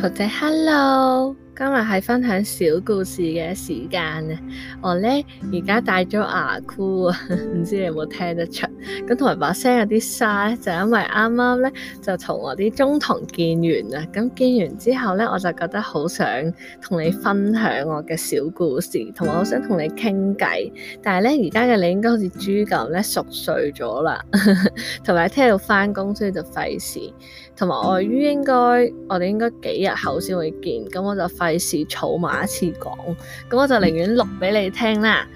徒仔 hello 今日係分享小故事嘅時間啊！我呢而家戴咗牙箍啊，唔知你有冇聽得出。咁同埋把聲有啲沙，就因為啱啱呢，就同我啲中堂見完啦。咁見完之後呢，我就覺得好想同你分享我嘅小故事，同埋好想同你傾偈。但係呢，而家嘅你應該好似豬咁呢熟睡咗啦，同 埋聽日要翻工，所以就費事。同埋礙於應該，我哋應該幾日後先會見，咁我就費事湊埋一次講，咁我就寧願錄俾你聽啦。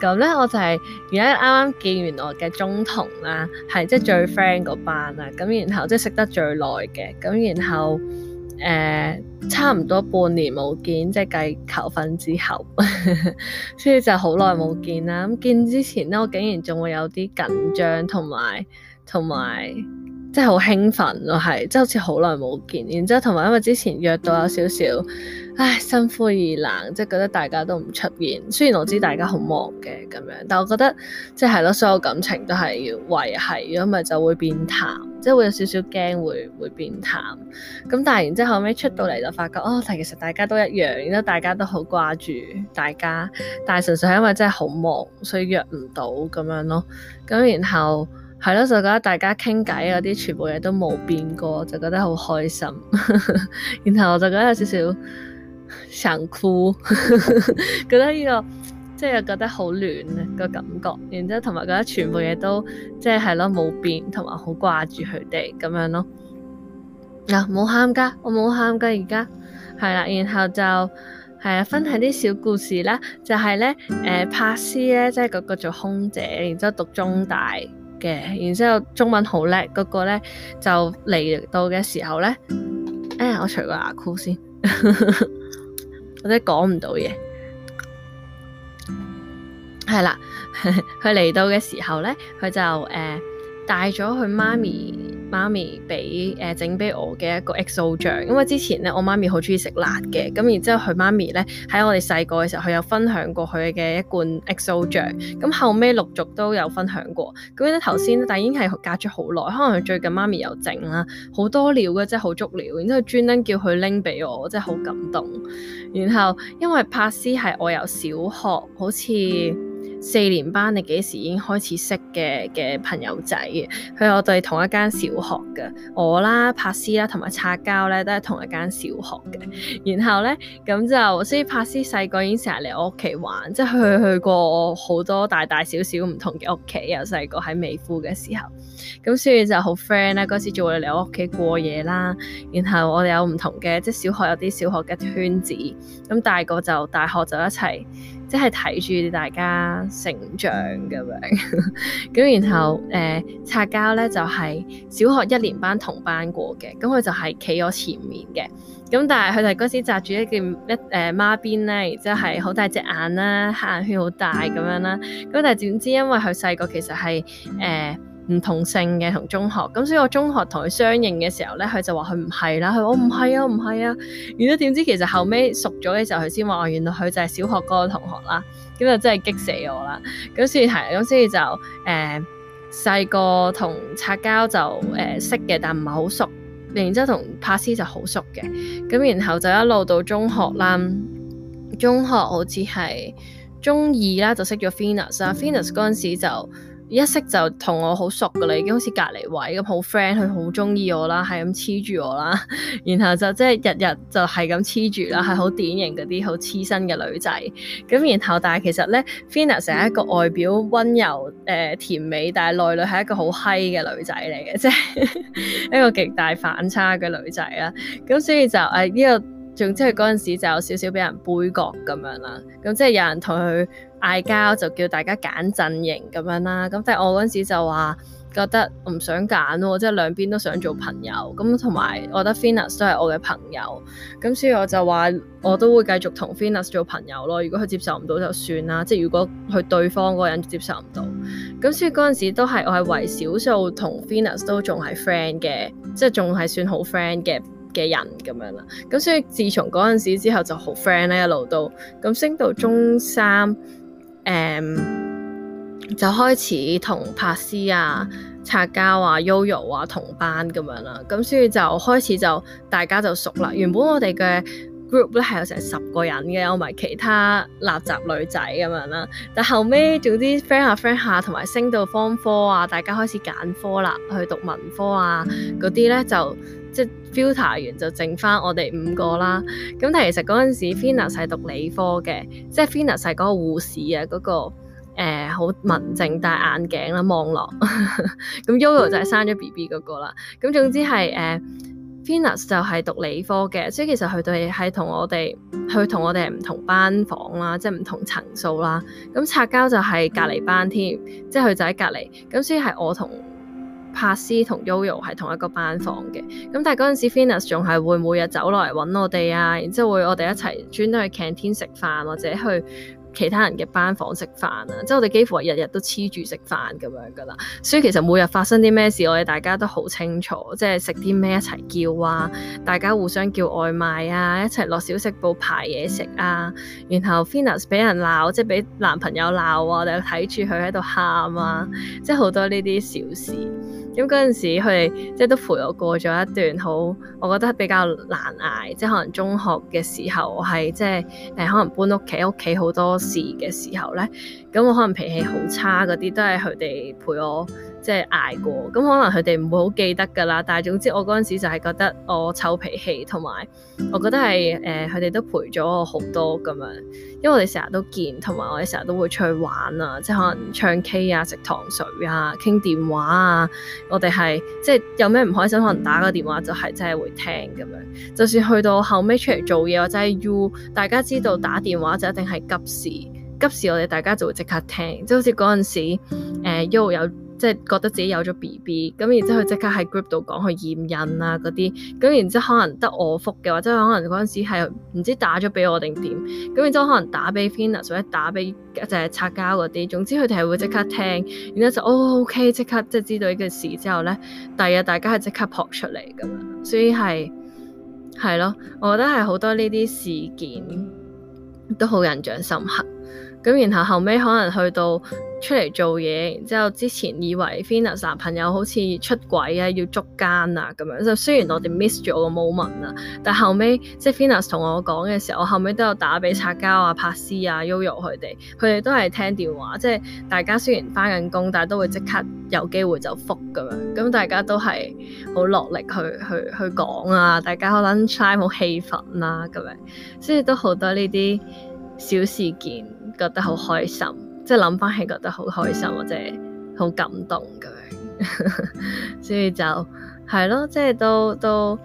咁呢，我就係而家啱啱見完我嘅中同啦，係即係最 friend 嗰班啦，咁然後即係識得最耐嘅，咁然後誒、呃、差唔多半年冇見，即係計求婚之後， 所以就好耐冇見啦。咁見之前呢，我竟然仲會有啲緊張同埋同埋。即係好興奮咯，係即係好似好耐冇見，然之後同埋因為之前約到有少少，唉，心灰意冷，即係覺得大家都唔出現。雖然我知大家好忙嘅咁樣，但我覺得即係咯，所有感情都係要維係，如果唔係就會變淡，即係會有少少驚會會變淡。咁但係然之後尾出到嚟就發覺，哦，但其實大家都一樣，然之後大家都好掛住大家，但係純粹係因為真係好忙，所以約唔到咁樣咯。咁然後。係咯，就覺得大家傾偈嗰啲全部嘢都冇變過，就覺得好開心。 然後我就覺得有少少想哭， 覺得呢、這個即係、就是、覺得好暖嘅個感覺。然之後同埋覺得全部嘢都即係係咯冇變，同埋好掛住佢哋咁樣咯。嗱，冇喊噶，我冇喊噶，而家係啦。然後就係啊，分享啲小故事啦。就係咧誒，帕斯咧，即係嗰個做空姐，然之後讀中大。嘅，然之後中文好叻，嗰個咧就嚟到嘅時候咧，哎呀，我除個牙箍先， 我都講唔到嘢，係啦，佢嚟到嘅時候咧，佢就誒帶咗佢媽咪。媽咪俾誒整俾我嘅一個 XO 醬，因為之前咧我媽咪好中意食辣嘅，咁然之後佢媽咪咧喺我哋細個嘅時候，佢有分享過佢嘅一罐 XO 醬，咁後尾，陸續都有分享過，咁樣咧頭先但係已經係隔咗好耐，可能佢最近媽咪又整啦，好多料嘅，即係好足料，然之後專登叫佢拎俾我，真係好感動。然後因為柏斯係我由小學好似。四年班，你幾時已經開始識嘅嘅朋友仔？佢我哋同一間小學嘅我啦、帕斯啦同埋擦膠咧都係同一間小學嘅。然後咧咁就，所以帕斯細個已經成日嚟我屋企玩，即係佢去，去過好多大大小小唔同嘅屋企。由細個喺美孚嘅時候，咁所以就好 friend 啦。嗰時仲會嚟我屋企過夜啦。然後我哋有唔同嘅，即係小學有啲小學嘅圈子。咁大個就大學就一齊。即係睇住大家成長咁樣，咁 然後誒擦膠咧就係、是、小學一年班同班過嘅，咁佢就係企我前面嘅，咁但係佢哋嗰時紮住一件一誒孖辮咧，然之後係好大隻眼啦，黑眼圈好大咁樣啦，咁但係點知因為佢細個其實係誒。呃唔同性嘅同中學，咁所以我中學同佢相認嘅時候呢，佢就話佢唔係啦，佢話我唔係啊唔係啊。然之後點知其實後尾熟咗嘅時候，佢先話原來佢就係小學嗰個同學啦。咁就真係激死我啦。咁所以係，咁所以就誒細個同擦膠就誒、呃、識嘅，但唔係好熟。然之後同帕斯就好熟嘅，咁然後就一路到中學啦。中學好似係中二啦，就識咗 Venus。Venus 嗰陣時就。一識就同我好熟噶啦，已經好似隔離位咁好 friend，佢好中意我啦，係咁黐住我啦，然後就即係日日就係咁黐住啦，係好典型嗰啲好黐身嘅女仔。咁然後但係其實咧 Fiona 成一個外表溫柔誒、呃、甜美，但係內裏係一個好閪嘅女仔嚟嘅，即係 一個極大反差嘅女仔啦。咁所以就誒呢、哎這個。總之，嗰陣時就有少少俾人杯葛咁樣啦。咁即係有人同佢嗌交，就叫大家揀陣營咁樣啦。咁但係我嗰陣時就話覺得唔想揀喎，即係兩邊都想做朋友。咁同埋我覺得 Venus 都係我嘅朋友，咁所以我就話我都會繼續同 Venus 做朋友咯。如果佢接受唔到就算啦。即係如果佢對方嗰人接受唔到，咁所以嗰陣時都係我係唯少數同 Venus 都仲係 friend 嘅，即係仲係算好 friend 嘅。嘅人咁樣啦，咁所以自從嗰陣時之後就好 friend 咧、啊，一路都咁升到中三，誒、嗯、就開始同柏斯啊、擦膠啊、Yoyo 啊同班咁樣啦，咁所以就開始就大家就熟啦。原本我哋嘅 group 咧係有成十個人嘅，有埋其他垃圾女仔咁樣啦，但後尾總之 friend 下、啊、friend 下、啊，同埋升到方科啊，大家開始揀科啦，去讀文科啊嗰啲咧就。即係 filter 完就剩翻我哋五個啦，咁但係其實嗰陣時 Venus 係讀理科嘅，即係 Venus 係嗰個護士啊，嗰、嗰個好、呃、文靜戴眼鏡啦，望落咁 Yoyo 就係生咗 BB 嗰個啦，咁總之係誒 Venus, 就係讀理科嘅，所以其實佢哋係同我哋佢同我哋係唔同班房啦，即係唔同層數啦，咁擦膠就係隔離班添，即係佢就喺隔離，咁所以係我同。柏斯同 Yoyo 係同一個班房嘅，咁但係嗰陣時 Finnas 仲係會每日走落嚟揾我哋啊，然之後會我哋一齊專登去 canteen 食飯，或者去其他人嘅班房食飯啊，即係我哋幾乎係日日都黐住食飯咁樣㗎啦。所以其實每日發生啲咩事，我哋大家都好清楚，即係食啲咩一齊叫啊，大家互相叫外賣啊，一齊落小食部排嘢食啊，然後 Finnas 俾人鬧，即係俾男朋友鬧啊，我哋睇住佢喺度喊啊，即係好多呢啲小事。咁嗰陣時，佢哋即係都陪我過咗一段好，我覺得比較難捱。即係可能中學嘅時候我，我係即係誒，可能搬屋企，屋企好多事嘅時候咧，咁我可能脾氣好差嗰啲，都係佢哋陪我。即係挨過，咁、嗯、可能佢哋唔會好記得㗎啦。但係總之我嗰陣時就係覺得我臭脾氣，同埋我覺得係誒佢哋都陪咗我好多咁樣，因為我哋成日都見，同埋我哋成日都會出去玩啊，即係可能唱 K 啊、食糖水啊、傾電話啊。我哋係即係有咩唔開心，可能打個電話就係真係會聽咁樣。就算去到後尾出嚟做嘢，我真係要大家知道打電話就一定係急事，急事我哋大家就會即刻聽。即係好似嗰陣時誒喐、呃、有。即係覺得自己有咗 BB，咁然之後佢即刻喺 group 度講去驗孕啊嗰啲，咁然之後可能得我覆嘅話，即係可能嗰陣時係唔知打咗俾我定點，咁然之後可能打俾 Fina 或者打俾就係擦膠嗰啲，總之佢哋係會即刻聽，然之後就哦，OK，即刻即係知道呢件事之後呢，第二日大家係即刻撲出嚟咁樣，所以係係咯，我覺得係好多呢啲事件都好印象深刻。咁然後後尾可能去到。出嚟做嘢，然之後之前以為 Finnas 男朋友好似出軌啊，要捉奸啊咁樣。就雖然我哋 miss 咗個 moment 啊，但後尾，即係 Finnas 同我講嘅時候，我後尾都有打俾拆膠啊、拍師啊、Yoyo 佢哋，佢哋都係聽電話。即係大家雖然翻緊工，但係都會即刻有機會就復咁樣。咁大家都係好落力去去去講啊，大家可能 time 好氣憤啦咁樣，所以都好多呢啲小事件，覺得好開心。即係諗翻起覺得好開心或者好感動咁樣， 所以就係咯，即係、就是、都都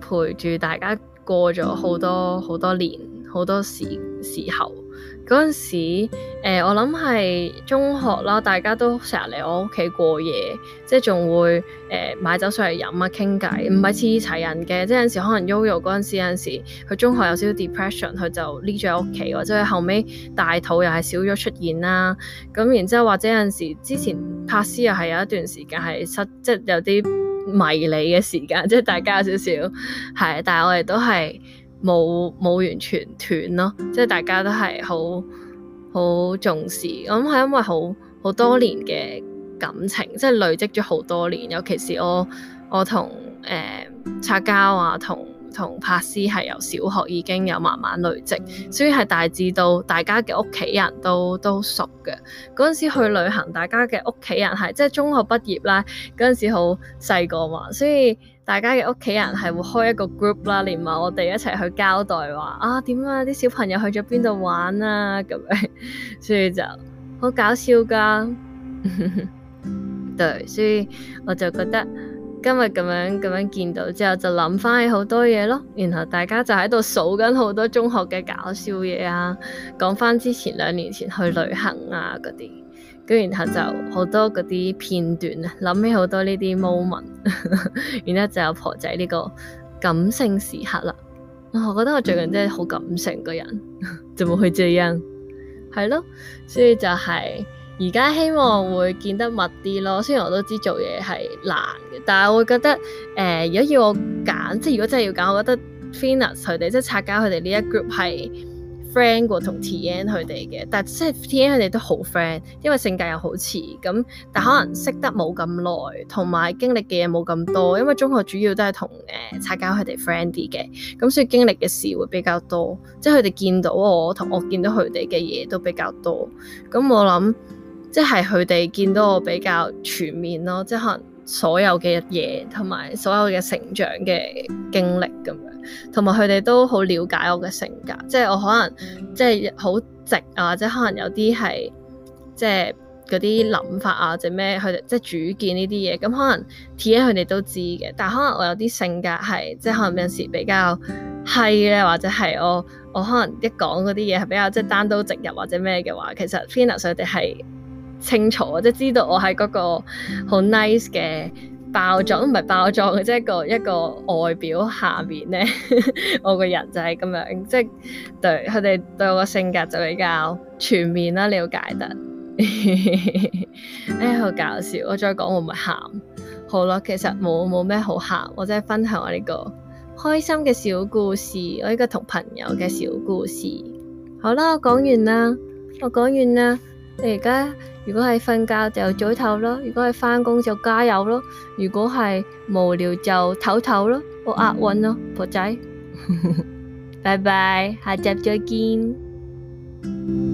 陪住大家過咗好多好、嗯、多年好多時時候。嗰陣時，呃、我諗係中學啦，大家都成日嚟我屋企過夜，即係仲會誒、呃、買酒上嚟飲啊傾偈，唔係黐一齊人嘅。即係有陣時可能 YoYo 嗰陣時，有陣時佢中學有少少 depression，佢就匿咗喺屋企，或者佢後尾大肚又係少咗出現啦。咁然之後或者有陣時之前拍師又係有一段時間係失，即係有啲迷你嘅時間，即係大家有少少係，但係我哋都係。冇冇完全斷咯，即係大家都係好好重視，我諗係因為好好多年嘅感情，即係累積咗好多年，尤其是我我同誒、呃、拆交啊，同。同柏斯係由小學已經有慢慢累積，所以係大致到大家嘅屋企人都都熟嘅。嗰陣時去旅行，大家嘅屋企人係即係中學畢業啦。嗰陣時好細個嘛，所以大家嘅屋企人係會開一個 group 啦，連埋我哋一齊去交代話啊，點啊啲小朋友去咗邊度玩啊咁樣，所以就好搞笑㗎。 對，所以我就覺得。今日咁樣咁樣見到之後，就諗翻起好多嘢咯。然後大家就喺度數緊好多中學嘅搞笑嘢啊，講翻之前兩年前去旅行啊嗰啲，跟住然後就好多嗰啲片段啊，諗起好多呢啲 moment，然後就有婆仔呢個感性時刻啦。我覺得我最近真係好感性嘅人，就冇去追因。係咯，所以就係、是。而家希望會見得密啲咯，雖然我都知做嘢係難嘅，但係我會覺得誒、呃，如果要我揀，即係如果真係要揀，我覺得 Finus 佢哋即係拆膠佢哋呢一 group 係 friend 過同 TN 佢哋嘅，但係即係 TN 佢哋都好 friend，因為性格又好似咁，但可能識得冇咁耐，同埋經歷嘅嘢冇咁多，因為中學主要都係同誒拆膠佢哋 friend 啲嘅，咁所以經歷嘅事會比較多，即係佢哋見到我同我見到佢哋嘅嘢都比較多，咁我諗。即係佢哋見到我比較全面咯，即係可能所有嘅嘢同埋所有嘅成長嘅經歷咁樣，同埋佢哋都好了解我嘅性格，即係我可能即係好直啊，或者可能有啲係即係嗰啲諗法啊，或者咩佢哋即係主見呢啲嘢咁，可能 Tina 佢哋都知嘅，但係可能我有啲性格係即係可能有時比較閪咧，或者係我我可能一講嗰啲嘢係比較即係單刀直入或者咩嘅話，其實 Phina 佢哋係。清楚即知道我喺嗰個好 nice 嘅包裝，唔係包裝，即係一個一個外表下面呢， 我個人就係咁樣，即係對佢哋對我嘅性格就比較全面啦，了解得，誒 好搞笑，我再講我唔係喊，好啦，其實冇冇咩好喊，我真係分享我呢個開心嘅小故事，我呢個同朋友嘅小故事，好啦，我講完啦，我講完啦。你而家如果係瞓覺就早唞咯，如果係翻工就加油咯，如果係無聊就唞唞咯，好、嗯，押韻啊，婆仔，拜拜，下集再見。